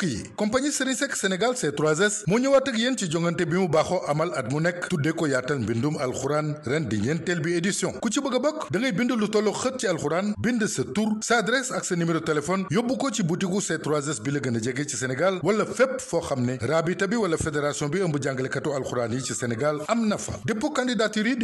mbokk yi compagnie Sénégal c 3 moo ñëwaat ak yéen ci jongante bi mu baaxoo amal at mu nekk tuddee ko yaatal mbindum alxuraan ren di ñeenteel bi édition ku ci bëgg a bokk da ngay bind lu tollu xët ci alxuraan bind sa tur sa adresse ak sa numéro téléphone yóbbu ko ci butiku c 3 bi la gën a jege ci Sénégal wala fépp foo xam ne raabita bi wala fédération bi ëmb jàngalekatu alxuraan yi ci Sénégal am na fa dépôt candidature yi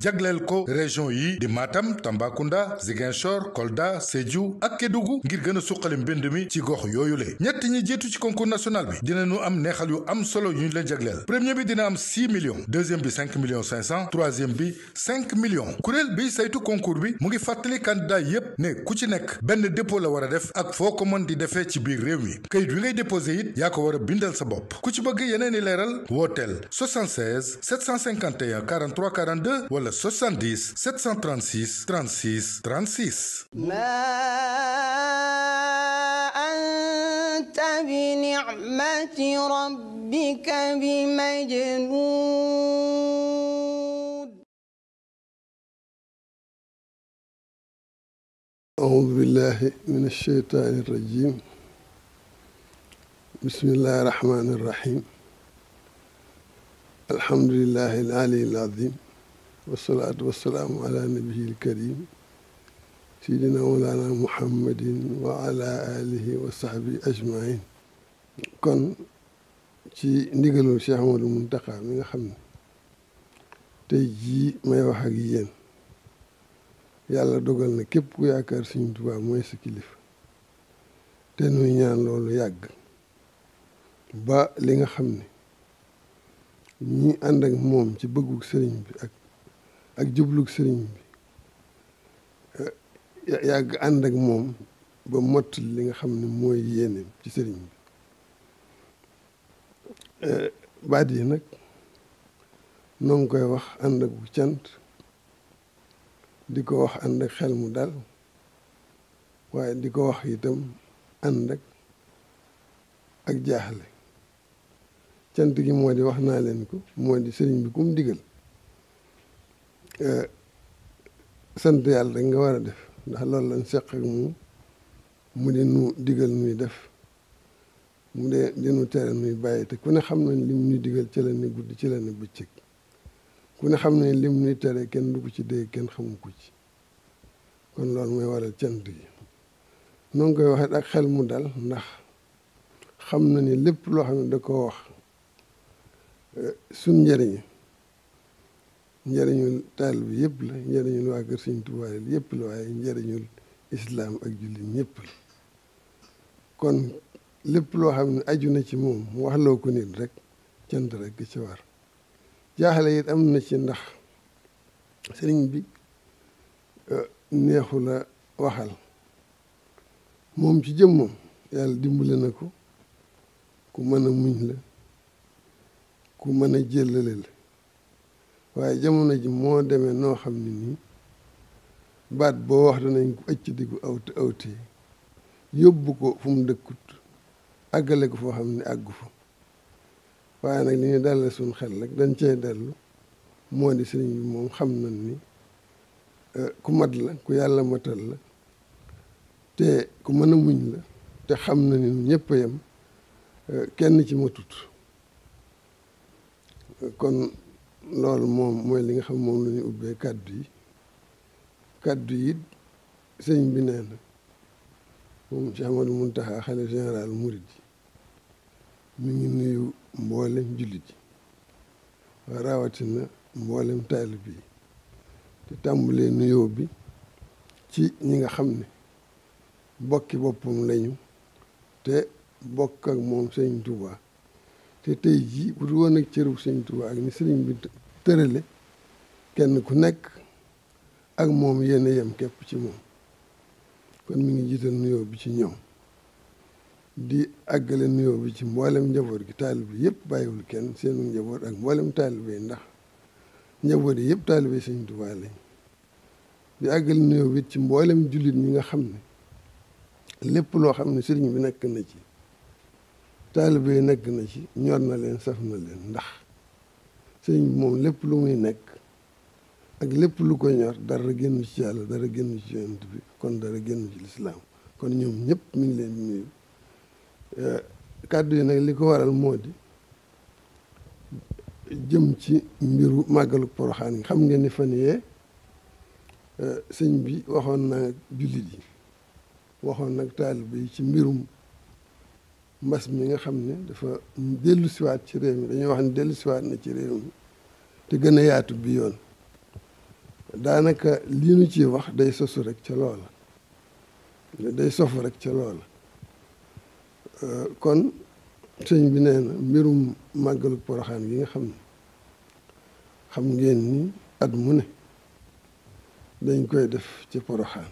di jagleel ko région yi di maatam Tambacounda Ziguinchor Kolda Sédhiou ak Kédougou ngir gën a suqali mbind mi ci gox yooyu le ñett ñi jeetu ci concours national bi dinañu am neexal yu am solo yu ñu leen jagleel premier bi dina am 6 millions deuxième bi 5 millions 500 troisième bi 5 millions kuréel bi saytu concours bi mu ngi fàttali candidat yépp ne ku ci nekk benn dépo la war a def ak foo ko mën di defee ci biir réew mi kayit wi ngay déposé it yaa ko war a bindal sa bopp ku ci bëgg yeneen i leeral wooteel 76 751 43 42 wala 70 736 36 36. أعوذ بالله من الشيطان الرجيم بسم الله الرحمن الرحيم الحمد لله العلي العظيم wasalaatu wasalaamu ala nabiyil karim sidina mawlana muhammadin wa ala alihi wa sahbi ajmain kon ci ndigalul Cheikh Amadou Muntaqa mi nga xam ne te ji may wax ak yéen yàlla dogal na képp ku yaakaar Sëriñ Tuubaa mooy sa kilifa te nuy ñaan loolu yàgg ba li nga xam ne ñi ànd ak moom ci bëggu sëriñ bi ak ak jublu sëriñ bi yàgg ànd ak moom ba mott li nga xam ni mooy yéene ci sëriñ bi eh, baat yi nag noo ngi koy wax ànd ak bu cant di ko wax ànd ak xel mu dal waaye di ko wax itam ànd ak ak jaaxle cant gi moo di wax naa leen ko mooy di sëriñ bi kum digal sant yàlla nga war a def ndax loolu lañ seq ak moom mu di nu digal nuy def mu dee dinu tere nuy bàyyi te ku ne xam nañ lim nuy digal ci la ne ci la ne bëccëg ku ne xam ne lim nuy tere kenn du ci dégg kenn xamu ko ci kon loolu mooy waral cant yi noo ngi koy waxee ak xel mu dal ndax xam na ni lépp loo xam ne da koo wax eh, suñ njëriñ njëriñul taalibe bi yëpp la njëriñul waa kër Sëriñ Tuubaa yëpp la waaye njëriñul islaam ak jullit ñëpp la kon lépp loo xam ne aju na ci moom mu wax loo ko nit rek cant rek ci war jaaxale it am na ci ndax sëriñ bi euh, neexu la waxal moom ci jëmmam yàlla dimbale na ko ku mën a muñ la ku mën a jëllale la waaye jamono ji moo demee noo xam ne nii baat boo wax danañ ko ëcc di ko awte awte yóbbu ko fu mu dëkkut àggale ko foo xam ne àggu fa waaye nag li ñu dalal suñ xel rek dañ cee dellu moo di sëriñ moom xam na ni e, ku mat la ku yàlla matal la te ku mën a muñ la te xam na ni ñëpp a e, kenn ci matut kon loolu moom mooy li nga xam moom la ñu ubbee kàddu yi kàddu yi sëñ bi nee na moom Cheikh Amadou Mountakha xalifa général murid mu ngi nuyu mboolem jullit yi waaye rawatina mboolem taalib yi te tàmbalee nuyoo bi ci ñi nga xam ni bokki boppam lañu te bokk ak moom sëñ Touba te tey jii bu dul woon ak cëru sëñ Tuubaa ak ni sëriñ bi tërale kenn ku nekk ak moom yenn a yem képp ci moom kon mu ngi jiital nuyoo bi ci ñoom di àggale nuyoo bi ci mboolem njaboot gi taalibe yëpp bàyyiwul kenn seenu njaboot ak mboolem taalibe yi ndax njaboot yëpp taalibe sëñ Tuubaa lañ di àggale nuyoo bi ci mboolem jullit ñi nga xam ne lépp loo xam ne sëriñ bi nekk na ci taalibe yi nekk na ci ñor na leen saf na leen ndax sëñ bi moom lépp lu muy nekk ak lépp lu ko ñor dara génn ci yàlla dara génn ci yonent bi kon dara génn ci lislaam kon ñoom ñépp mi ngi leen nuyu eh, kàddu yi nag li ko waral moo di jëm ci mbiru màggalu poroxaan xam ngeen ni fan yee eh, sëñ bi waxoon na jullit yi waxoon nag taalibe yi ci mbirum mbas mi nga xam ne dafa dellu siwaat ci réew mi dañuy wax ne dellu siwaat na ci réew mi te gën a yaatu bi yoon daanaka lii nu ciy wax day sosu rek ca loola day sofu rek ca loola euh, kon sëñ bi nee na mbirum màggalu poroxaan gi nga xam ne xam ngeen ni at mu ne dañ koy def ci poroxaan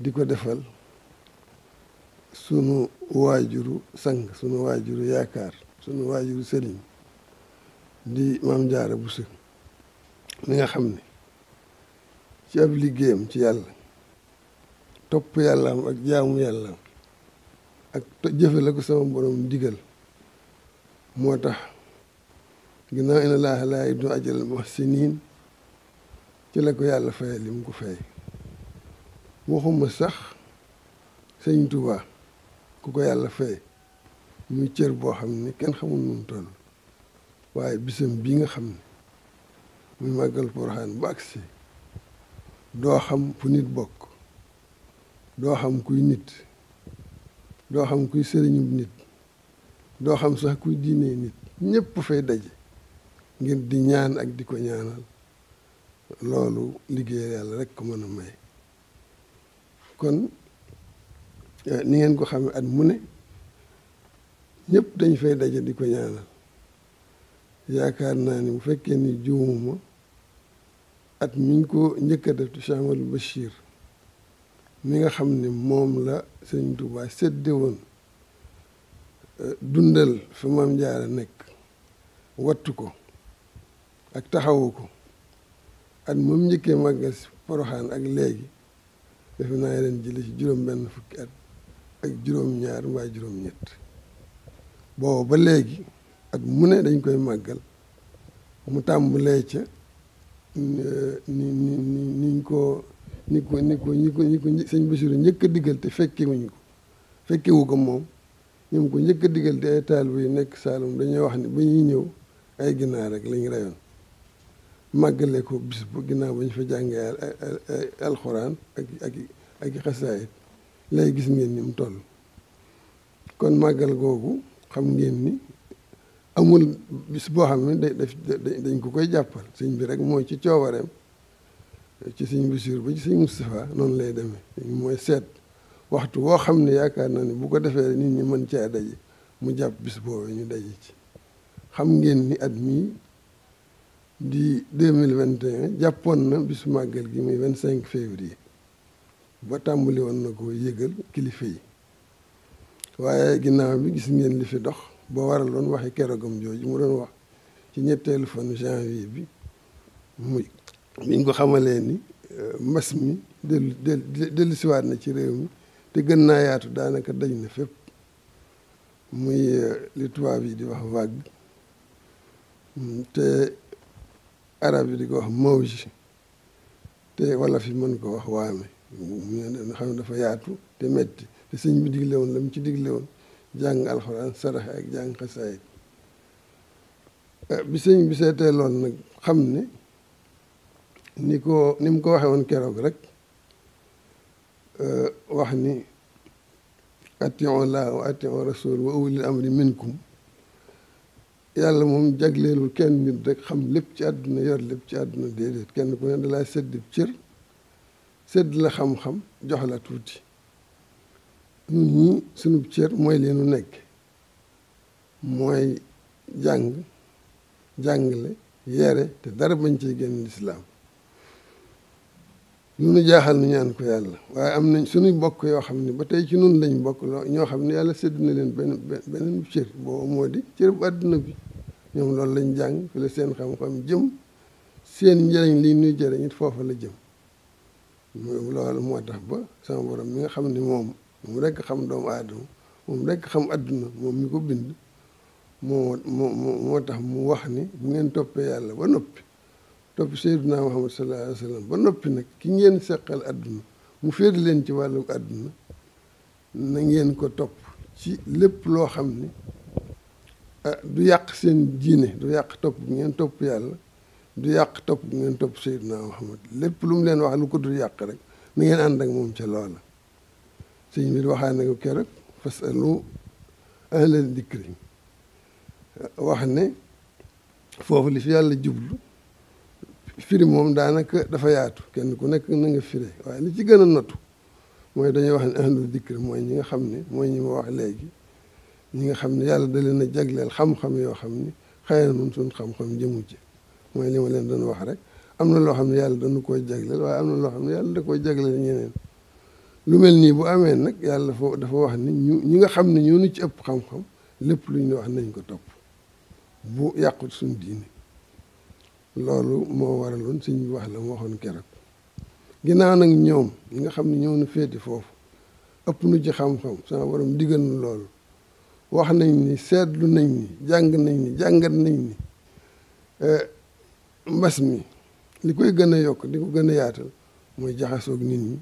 di ko defal sunu waajuru sang sunu waajuru yaakaar sunu waajuru sëriñ di maam jaara Buso mi nga xam ni ci ab liggéeyam ci yàlla topp yàllaam ak jaamu yàlla ak jëfe la ko sama borom digal moo tax ginnaaw inna laaha laa yudhi'u ajral muhsiniin ci la ko yàlla faye li mu ko fay waxuma sax sëñ Tuubaa ku ko yàlla fay muy cër boo xam ni kenn xamul nu mu waaye bisam bii nga xam ne muy màggal Porokhane bu agsi doo xam fu nit bokk doo xam kuy nit doo xam kuy sëriñub nit doo xam sax kuy diine nit ñépp fay daje ngir di ñaan ak di ko ñaanal loolu liggéeyal yàlla rek ko mën a may kon Eh, ni ngeen ko ne at mu ne ñëpp dañ fay daje di ko ñaanal yaakaar naa ni bu fekkee ni juumuma at miñ ko njëkk a def ci Cheikh Amadou Bachir nga xam ni moom la sëñ Touba sédde woon eh, dundal fa maam jaara nekk wattu ko ak taxawu ko at moom njëkkee màggal Poroxaan ak léegi defe naa ren jële ci juróom benn fukki at ak juróom-ñaar mbaa juróom-ñett booba ba léegi at mu ne dañ koy màggal mu tàmm ca ni ni ni niñ ko ni ko ni ko ñi ko ñi ko njëkk digal te fekkewuñ ko fekkewu ko moom ñoom ko njëkk a digal te ay taalibe yu nekk Saalum dañuy wax ni ba ñuy ñëw ay ginaar rek lañ rayoon màggale ko bis bu ginnaaw ba ñu fa jàngee alxuraan ak ak ak xasaayit lay gis ngeen ni mu toll kon màggal googu xam ngeen ni amul bis boo xam ne day dañ ko koy jàppal siñ bi rek mooy ci coobareem ci sëñ Basiiru ba ci sëñ Moustapha noonu lay demee mooy seet waxtu woo xam ne yaakaar na ni bu ko defee nit ñi mën caa daje mu jàpp bis boobu ñu daje ci xam ngeen ni at mii di deux mille vingt et un jàppoon na bisu màggal gi muy vingt cinq février ba tàmbali woon na ko yëgal kilifa yi waaye ginnaaw bi gis ngeen li fi dox ba waraloon waxi keroogam jooju mu doon wax ci ñetteelu fan janvier bi muy biñ ko xamalee ni euh, mbas mi dellu dellu siwaat na ci réew mi te gën naa yaatu daanaka daj na fépp muy euh, li tubaab yi di wax vague mm, te arab yi di ko wax mawji te wala fi mën ko wax waame nga xam ne dafa yaatu te metti te sëñ bi digle woon la mu ci digle woon jàng alxuraan saraxe ak jàng xasaayit bi sëñ bi seetee nag xam ne ni ko ni mu ko waxee woon keroog rek euh, wax ni atiu laa wa atiu rasul wa ulil amri minkum yàlla moom jagleelul kenn nit rek xam lépp ci àdduna yor lépp ci àdduna déedéet kenn ku ne dalaa séddib cër sedd la xam-xam jox la tuuti ñun ñii sunu cër mooy leenu nekk mooy jàng jàngale yeere te dara bañ cee génn lislaam lu nu jaaxal nu ñaan ko yàlla waaye am nañ suñuy bokk yoo xam ne ba tey ci nun lañ bokk ñoo xam ne yàlla sédd na leen benn beneen cër boobu moo di cër bu àdduna bi ñoom loolu lañ jàng fi la seen xam-xam jëm seen njëriñ li ñuy jëriñ it foofa la jëm loolu moo tax ba sama borom mi nga xam ni moom moom rekk xam doomu aadama moom rekk xam adduna moom mi ko bind moo moo tax mu wax ni bu ngeen toppee yàlla ba noppi topp Seydina Muhammad sallallahu alayhi wa ba noppi nag ki ngeen seqal adduna mu féete leen ci wàllu adduna na ngeen ko topp ci lépp loo xam ni ah, du yàq seen diine du yàq topp ngeen topp yàlla du yàq topp ngeen topp Seydina Muhammad lépp lu mu leen wax lu ko dul yàq rek na ngeen ànd moom ca loola sëñ bi waxaa na ko keroog fasalu ahla dikri wax ne foofu li fi yàlla jublu firi moom daanaka dafa yaatu kenn ku nekk na nga fire waaye li ci gën a nottu mooy dañuy wax ne ahlu dikri mooy ñi nga xam ne mooy ñi ma wax léegi ñi nga xam ne yàlla da leen a jagleel xam-xam yoo xam ne xëy na moom suñ xam-xam jëmu ci mooy li ma leen doon wax rek am na loo xam ne yàlla dañu koy jagleel waaye am na loo xam ne yàlla da koy jagleel lu mel nii bu amee nag yàlla dafa dafa wax ni ñu ñi nga xam ne ñoo ñu ci ëpp xam-xam lépp lu ñu wax nañ ko topp bu yàqut suñu diine loolu moo waraloon suñ bi wax la mu waxoon keroog ginnaaw nag ñoom ñi nga xam ne ñoo ñu féete foofu ëpp nu ci xam-xam sama borom diggal nu loolu wax nañ ni seetlu nañ ni jàng nañ ni jàngat nañ ni eh, mbas mi li koy gën a yokk di ko gën a yaatal mooy jaxasoog nit ñi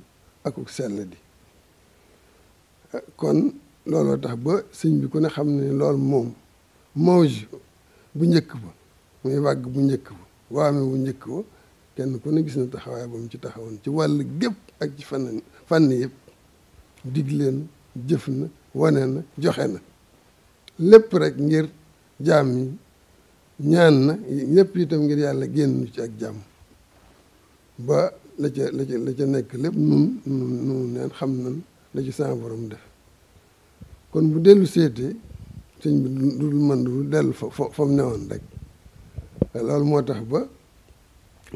ak sell di kon looloo tax ba sëñ bi ko ne xam ne lool moom mawj bu njëkk ba muy wàgg bu njëkk ba waame bu njëkk ba kenn ku ne gis na taxawaay ba mu ci taxawoon ci wàll gépp ak ci fànn fànn yëpp digle na jëf na wane na joxe na lépp rek ngir jaam yi ñaan na lépp itam ngir yàlla génn ci ak jàmm ba la ca la ca la ca nekk lépp nun nun neen xam nan la ci sama borom def kon bu dellu seetee sëñ bi dul man dul dellu fa fa mu newoon rek loolu moo tax ba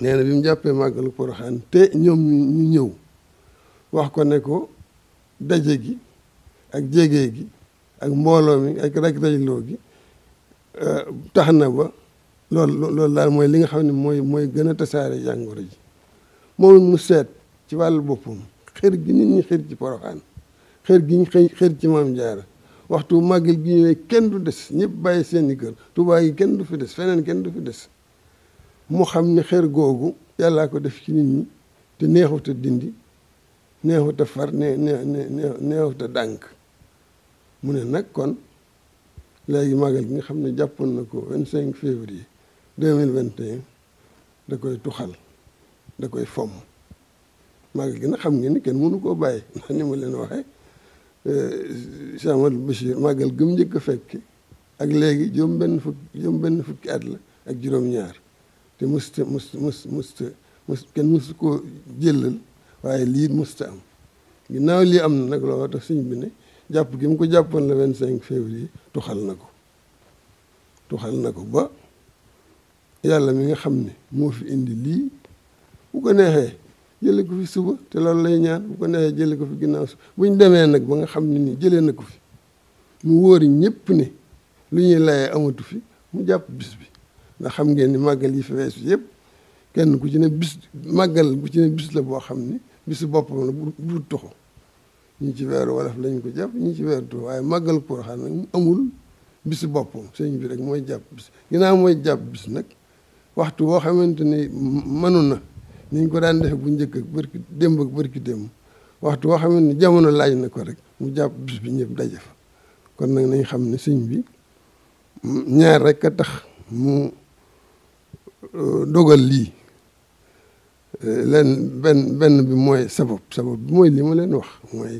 nee na bi mu jàppee màggalu Poroxaan te ñoom ñu ñëw wax ko ne ko daje gi ak jege gi ak mbooloo mi ak raj rajloo gi Euh, tax na ba loolu loolu daal mooy li nga xam ni mooy mooy gën a tasaare jàngoro ji moom mu seet ci wàll boppam xër gi nit ñi xër ci poroxaan xër gi ñu xër ci maam jaara waxtu màggal gi ñu ne kenn du des ñëpp bàyyi seen i kër Tuubaa yi kenn du fi des feneen kenn du fi des mu xam ni xër googu yàllaa ko def ci nit ñi te neexut dindi neexut a far ne dànk mu ne nag kon léegi màggal gi nga xam ne jàppoon na ko vingt cinq février deux mille vingt et un da koy tuxal da koy fomm màggal gi nag xam ngeen ni kenn mënu koo bàyyi ndax ni ma leen waxee euh, Cheikh Amadou Bachir màggal gëm njëkk a fekki ak léegi juróom benn fukki at la ak juróom-ñaar te musta musta musta musta kenn musta koo jëlal waaye lii musta am ginnaaw lii am na nag loo tax sëñ bi ne jàpp gi mu ko jàppoon la vingt cinq février tuxal na ko tuxal na ko ba yàlla mi nga xam ni moo fi indi lii bu ko neexee jële ko fi suba te loolu lay ñaan bu ko neexee jële ko fi ginnaaw suba bu ñu demee nag ba nga xam ne nii jëlee na ko fi mu wóor ñëpp ni lu ñuy layee amatu fi mu jàpp bis bi ndax xam ngeen ni màggal yi fi weesu yëpp kenn ku ci ne bis màggal ku ci ne bis la boo xam ni bisu boppam la bu bu toxo ñii ci weeru wolof lañ ko jàpp ñii ci weeru Tuuba waaye màggal Poroxaan nag amul bisu boppam sëñ bi rek mooy jàpp bis ginnaaw mooy jàpp bis nag waxtu woo xamante ni mënu na niñ ko daan defe bu njëkk ak bërki démb ak bërki démb waxtu woo xamante ni jamono laaj na ko rek mu jàpp bis bi ñëpp daje kon nag nañ xam ne sëñ bi ñaar rek a tax mu euh, dogal lii lenn benn benn bi mooy sabab sabab bi mooy lii ma leen wax mooy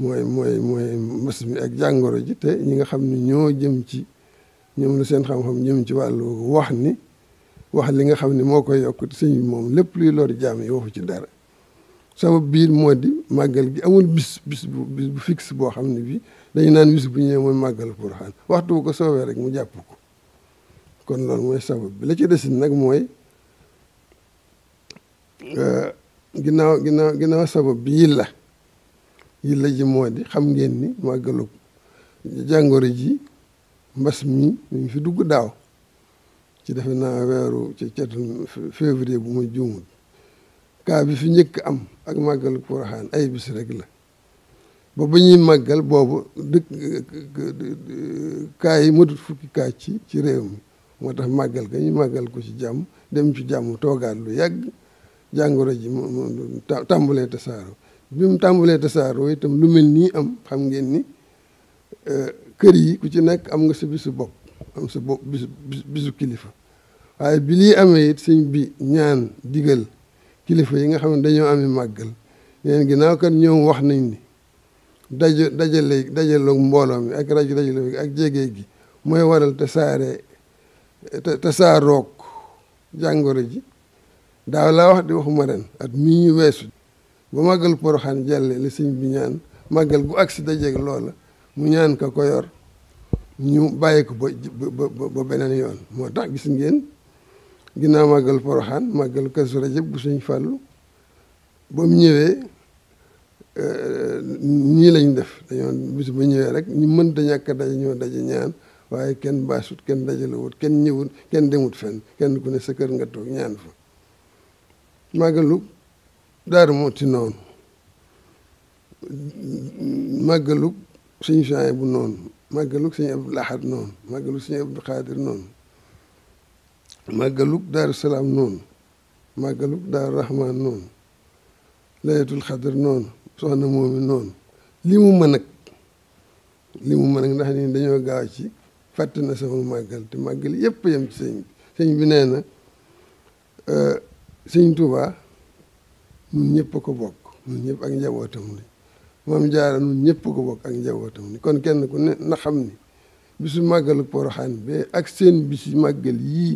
mooy mooy mooy mbas mi ak jàngoro ji te ñi nga xam ni ñoo jëm ci ñoom la seen xam-xam jëm ci wàllu wax ni wax li nga xam ne moo koy yokk sëñ bi moom lépp luy lor jaam yi waxu ci dara sabab biir moo di màggal gi amul bis bis bu bis bu fixe boo xam ne bii dañu naan bis bu ñëwee mooy màggal Porokhane waxtu ko soowee rek mu jàpp ko kon loolu mooy sabab bi la ci desit nag mooy Eh, ginnaaw ginnaaw ginnaaw sabab bi yilla yilla ji moo di xam ngeen ni màggalu jàngoro ji mbas mi ñu fi dugg daaw ci defe naa weeru ci cetu février bu ma juumul kaa bi fi njëkk am ak màggalu Porokhane ay bis rek la ba ba ñuy màggal boobu dëkk kaa yi matut fukki kaa ci ci réew mi moo tax màggal ka ñu màggal ko ci jàmm dem ci jàmm toogaat lu yàgg jàngoro ji mu tàmbalee tasaaroo bi mu tàmbalee tasaaroo itam lu mel nii am xam ngeen ni euh, kër yi ku ci nekk am nga sa bisu bopp am sa bopp bisu bisu kilifa waaye bi lii amee it sëñ bi ñaan digal kilifa yi nga xam ne dañoo amee màggal leen ginnaaw kan ñoom wax nañ ni daje dajale dajaloog mbooloo mi ak rajo dajale gi ak jege gi mooy waral tasaare tasaaroog jàngoro ji daaw laa wax di waxuma ren at mii ñu weesu ba màggal poroxaan jàlle li sëñ bi ñaan màggal gu agsi dajeek loola mu ñaan ka ko ñu bàyyi ko ba ba beneen yoon moo tax gis ngeen ginnaaw màggal poroxaan màggal kazu rajab bu sëñ fàllu ba mu ñëwee ñii euh, lañ def dañoo bis ba ñëwee rek ñu mënta ñàkk daje ñoo daje ñaan waaye kenn baasut kenn dajalewut kenn ñëwut kenn demut fen kenn ku ne sa kër nga toog ñaan fa màggalu Daaru Muhti noonu màggalu suñu changé bu noonu màggalu suñu Abdou noonu màggalu suñu Abdou Xaadir noonu màggalu Daaru Salaam noonu màggalu Daaru Rahman noonu layatul xadar noonu soxna moomi noonu li mu mën nag li ndax ni dañoo gaaw ci fàtte na sama màggal te màggal yépp yem ci sëñ bi sëñ bi nee euh, sëñ Touba ñun ñëpp ko bokk ñun ñëpp ak njabootam ni moom jaara ñun ñëpp ko bokk ak njabootam ni kon kenn ku ne na xam ni bisu màggalu poroxaan be ak seen bisi màggal yii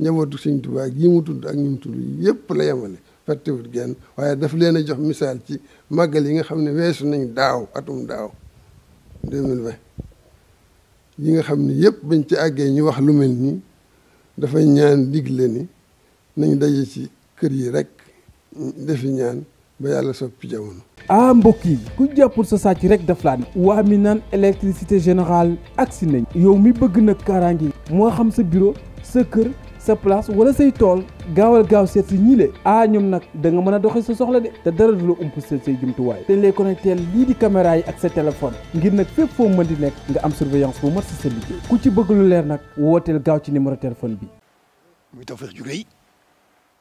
njabootu sëñ Touba yi mu tudd ak ñu mu tudd yëpp la yemale fàttewut genn waaye daf leen a jox misaal ci màggal yi nga xam ne weesu nañ daaw atum daaw 2020 yi nga xam ni yëpp bañ ci àggee ñu wax lu mel nii dafa ñaan digle ni nañ daje ci kër yi rek defi ñaan ba yàlla soppi jamono. ah mbokk yi ku jàppul sa sàcc rek daf laa ne. waa mi naan électricité générale agsi nañ. yow mi bëgg nag kaaraange moo xam sa bureau sa kër sa place wala say tool gaawal gaaw seet si ñii le ah ñoom nag danga mën a doxee sa soxla de te dara du la ump sa say jumtuwaay. te ñu lay connecté lii di caméra yi ak sa téléphone ngir nag fépp foo mën di nekk nga am surveillance bu mat si sa liggéey ku ci bëgg leer nag wooteel gaaw ci numéro téléphone bi. muy Tawfekh jugee